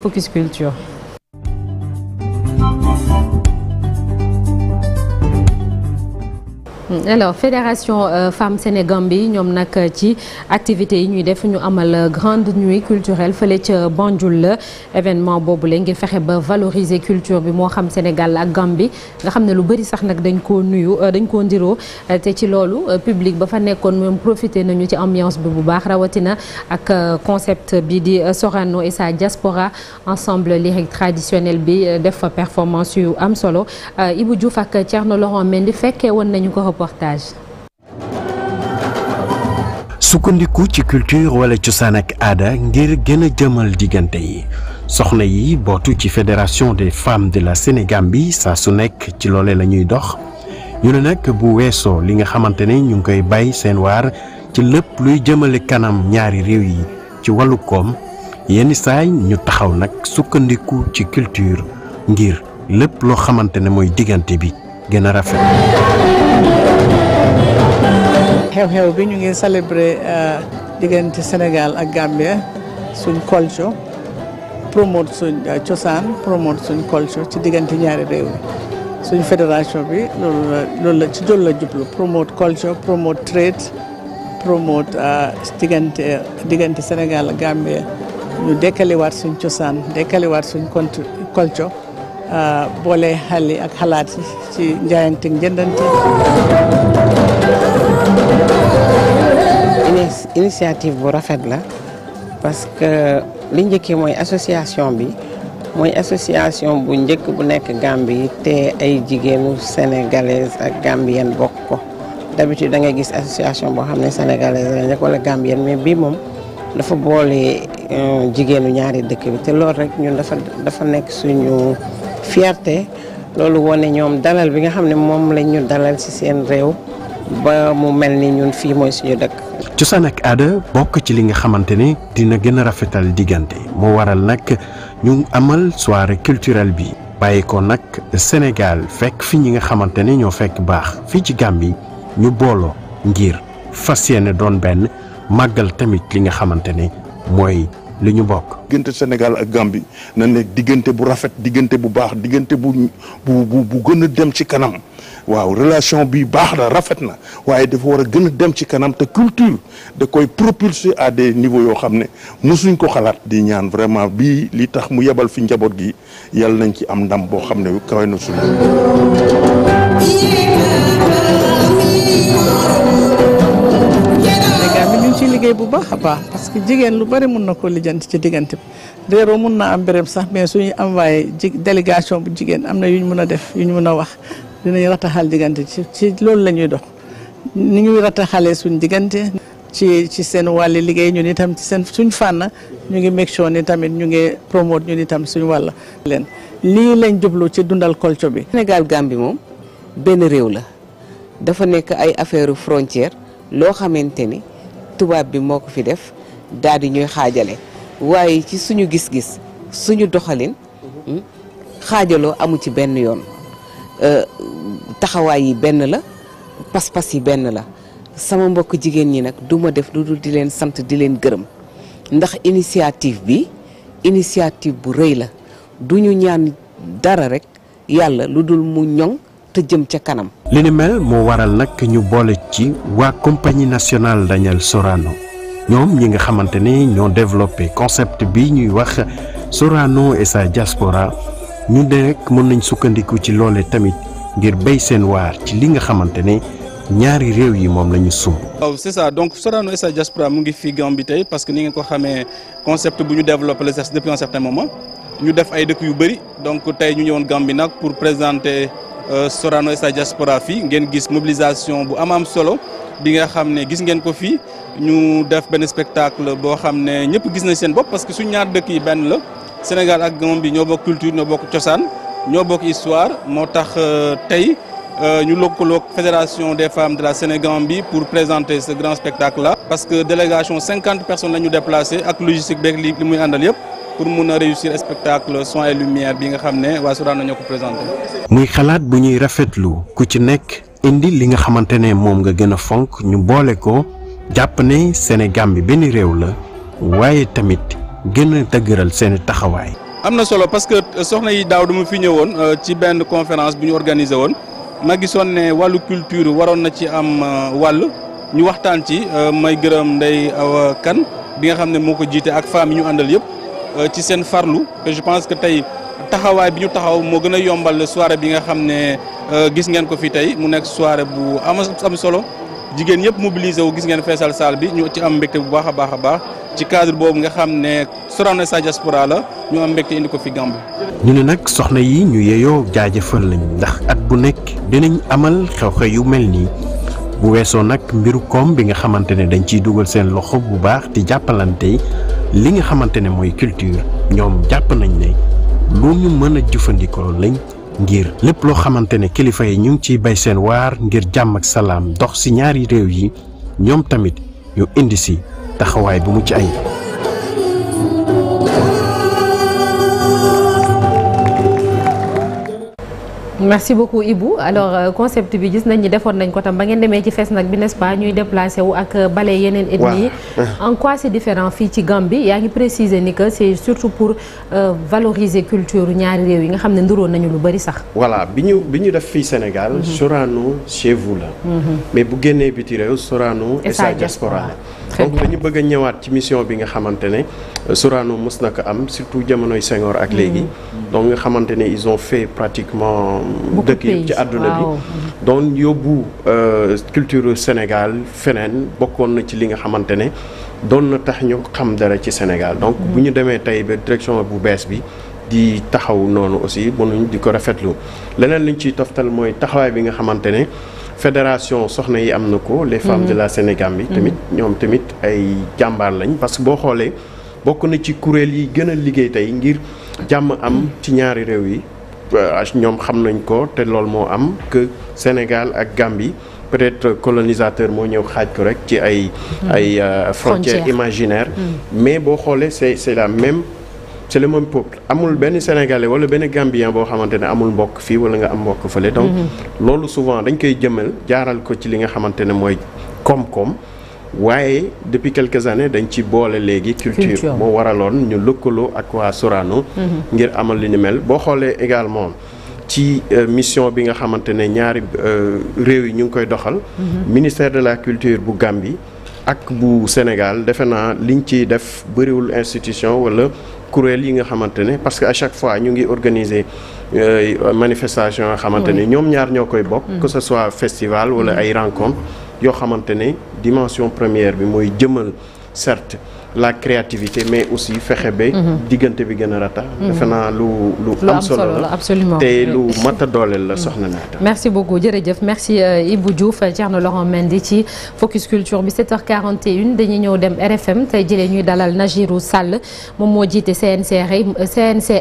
Focus Culture. Mm. alors fédération femme euh, Femmes Sénégambie ñoom nag ci activités yi ñuy def ñu amal grande nuit culturelle fële ca Banjul la événement boobu la ngir fexe ba valoriser culture bi moo xam Sénégal ak Gambie nga xam ne lu bëri sax nag dañ koo nuyu euh, dañ koo ndiroo euh, te ci loolu public ba fa nekkoon moom profité nañu ci ambiance bi bu baax rawatina ak concept bi di Sorano et sa diaspora ensemble lyrique traditionnel bi def fa performance yu am solo Ibou Diouf ak Thierno Laurent Mendy nañu ko. reportage. sukkandiku ci culture wala cosaan ak aada ngir gëna jëmal diggante yi soxna yi bootu ci fédération de femmes de la Sénégambie saa su nekk ci loole lañuy dox ñu ne nag bu weesoo li nga xamante ne ñu ngi koy bay seen waar ci lépp luy jëmale kanam ñaari réew yi ci wàllu koom yenn saay ñu taxaw nag sukkandiku ci culture ngir lépp loo xamante ne mooy diggante bi gëna rafet. xew-xew bi ñu ngi célébrer euh, diggante Sénégal ak Gambia suñ culture promote suñ euh, cosaan promote suñ culture ci diggante ñaari réew suñ fédération bi loolu la ci loolu la jublu promote culture promote trade promote euh, diggante diggante Sénégal ak Gambia ñu dekkaliwaat suñ cosaan dekkaliwaat suñ culture boole xali ak xalaat yi ci njaayante njëndante initiative bu rafet la parce que li njëkkee mooy association bi mooy association bu njëkk bu nekk Gambie te ay jigéenu sénégalaise ak gambienne bokk ko d'habitude da ngay gis association boo xam ne sénégalaise la nekk wala gambienne mais bii moom dafa boole euh, jigéenu ñaari dëkk bi te loolu rek ñun dafa dafa nekk suñu fierté loolu wone ñoom dalal bi nga xam ne moom lañ ñu dalal ci seen réew ba mu mel ni ñun fii mooy suñu dëkk. cosaan ak aada bokk ci li nga xamante ne dina gën a rafetal diggante moo waral nag ñu amal soirée culturelle bi bàyyi ko nag Sénégal fekk fi ñi nga xamante ne ñoo fekk baax fii ci Gàmbi ñu booloo ngir fas ne doon benn màggal tamit li nga xamante ne mooy. li ñu bokk. diggante Sénégal ak Gambie na nekk diggante bu rafet diggante bu baax diggante bu bu bu gën a dem ci kanam waaw relation bi baax na rafet na waaye dafa war a gën a dem ci kanam te culture da koy propulser à des niveaux yoo xam ne mosuñ ko xalaat. di ñaan vraiment bii li tax mu yebal fi njaboot gi yàlla nañ ci am ndam boo xam ne kawe na suñu. baax a baax parce que jigéen lu bari mun na ko lijjanti ci diggante bi réeroo mun naa am béréb sax mais ñu envoyé ji délégation bu jigéen am na yu ñu mun a def yu ñu mun a wax dinañ rataxal diggante ci ci loolu la ñuy dox ni ñuy rataxalee suñ diggante. ci ci seen wàlli liggéey ñun itam ci seen suñ fànn ñu ngi make sure ni tamit ñu ngi promote ñun itam suñ wàll leen lii lañ jublu ci dundal culture bi. Sénégal Gambie moom benn réew la dafa nekk ay affaire tubaab bi moo ko fi def daal ñuy xaajale waaye ci suñu gis-gis suñu doxalin mhm. xaajaloo amu ci benn yoon euh, taxawaay yi benn la pas-pas yi benn la sama mbokk jigéen ñi nag duma def lu dul di leen sant di leen gërëm ndax initiative bi initiative bu rëy la du ñu ñaan dara rek yàlla lu dul mu ñoŋ te jëm ca kanam. li ni mel moo waral nag ñu boole ci waa compagnie nationale Daniel Sorano ñoom ñi nga xamante ne ñoo développé concept bi ñuy wax Sorano sa diaspora ñu ne rek mën nañ sukkandiku ci loole tamit ngir béy seen waar ci li nga xamante ne. ñaari réew yi moom la ñu sumb. waaw c'est ça donc Sorano sa diaspora mu ngi fii Gambie tey parce que ni nga ko xamee concept bu ñu développé la depuis un certain moment ñu def ay dëkk yu bëri donc tey ñu ñëwoon Gambie nag pour Euh, Sorano sa diaspora fii ngeen gis mobilisation bu am am solo bi nga xam ne gis ngeen ko fi ñu def benn spectacle boo xam ne ñëpp gis na seen bopp parce que suñ ñaar dëkk yi benn la Sénégal ak bi ñoo bokk culture ñoo bokk cosaan ñoo bokk histoire moo tax euh, tey euh, ñu lëkkaloog fédération des femmes de la Sénégambie pour présenter ce grand spectacle là. parce que délégation cinquante personnes la ñu déplacé ak logistique beeg li muy àndal yëpp. pour mun a réussir spectacle son et lumière bi nga xam ne waa Sorano ñoo ko présenté. muy xalaat bu ñuy rafetlu ku ci nekk indi li nga xamante ne moom nga gën a fonk ñu boole ko jàpp ne Sénégambie benn réew la waaye tamit gën a dëgëral seen taxawaay. am na solo parce que euh, soxna yi daaw dama fi ñëwoon euh, ci benn conférence bu ñu organisé woon ma gisoon ne wàllu culture waroon na ci am euh, wàll ñu waxtaan ci may gërëm Ndeye Awa Kane bi nga xam ne moo ko jiite ak femmes ñu àndal yëpp. Euh, ci seen farlu que je pense que tey taxawaay bi ñu taxaw moo gën a yombal soirée bi nga xam ne euh, gis ngeen ko fi tey mu nekk soirée bu am am solo jigéen yëpp mobiliser wu gis ngeen feesal saal bi ñu ci am mbégte bu baax a baax a baax ci cadre boobu nga xam ne Sorano sa diaspora la ñu am mbégte indi ko fi Gambie. ñu ne nag soxna yi ñu yeyoo jaajëfal lañ ndax at bu nekk dinañ amal xew-xew yu mel nii bu weesoo nag mbiru koom bi nga xamante ne dañ ciy dugal seen loxo bu baax di jàppalante li nga xamante ne mooy culture ñoom jàpp nañ ne lu ñu mën a jëfandikoo lañ ngir lépp loo xamante ne kilifa yi ñu ngi ciy bay seen waar ngir jàmm ak salaam dox ci ñaari réew yi ñoom tamit ñu indi si taxawaay bu mu ci ay merci beaucoup Ibou alors euh, concept bi gis nañ ñi defoon nañ ko tam ba ngeen demee ci fees nag bi n'est-ce pas ñuy déplacé wu ak euh, bale yeneen ethnie yi en quoi différent fii ci Gambie yaa ngi préciser ni que c'est surtout pour euh, valoriser culture ñaari réew yi nga xam ne nduroon nañu lu bari sax voilà bi ñu bi ñu def fii Sénégal mhm. Sorano chez vous la mhm. mais bu génnee biti réew Sorano et sa diaspora donc dañu bëgg a ñëwaat ci mission bi nga xamante ne euh, Sorano mës na ko am surtout jamonoy Senghor ak léegi mm-hmm. donc nga xamante ne ils ont fait pratiquement dëkk yëpp ci àdduna bi donc yóbbu euh, culture Sénégal feneen bokkoon na ci li nga xamante ne doon na tax ñu xam dara ci Sénégal donc mm-hmm. bu ñu demee tey ba direction bu bees bi di taxaw noonu aussi mënuñ di ko rafetlu leneen liñ ciy toftal mooy taxawaay bi nga xamante ne fédération soxna yi am na ko. les femmes de la mhm. Sénégambie bi mhm. tamit ñoom tamit ay jàmbaar lañ parce que boo xoolee bokk na ci kuréel yi gën a liggéey tey ngir jàmm am ci ñaari réew yi euh, ah, ñoom xam nañ ko te loolu moo am que Sénégal ak Gambie peut-être colonisateur moo ñëw xaaj ko rek ci ay mhm. ay euh, frontières imaginaires mais boo xoolee c'est c'est la même c'est le même amul benn sénégalais wala benn gambien boo xamante ne amul mbokk fii wala nga am mbokk fële donc mhm. loolu souvent dañ koy jëmal jaaral ko ci li nga xamante ne mooy koom-koom waaye depuis quelque années dañ ci boole léegi culture moo waraloon ñu lëkkaloo ak waa soraano mhm. ngir amal li ni mel boo xoolee également ci euh, mission bi nga xamante ne ñaari euh, réew yi ñu ngi koy doxal mhm. ministère de la culture bu Gambie ak bu Sénégal defe naa liñ ci def bëriwul institution wala kuréel yi nga xamante ne parce que à chaque fois ñu ngi organiser euh, manifestation yoo xamante ne ñoom ñaar ñoo koy bokk mm. que ce soit festival wala mm. ay rencontre yoo xamante ne dimension première bi mooy jëmal certes la créativité mais aussi fexe ba. Mhm. diggante bi gën rata. Mhm. defe naa lu lu am solo la absolument te lu mat a dooleel la soxna mhm. naata. merci beaucoup jërëjëf merci euh, Ibou Diouf Thierno Laurent Mendy ci Focus Culture bi 7h41 dañuy ñëw dem RFM tey jëlee ñuy dalal Najirou Sall moom moo jiite CNCR CNC.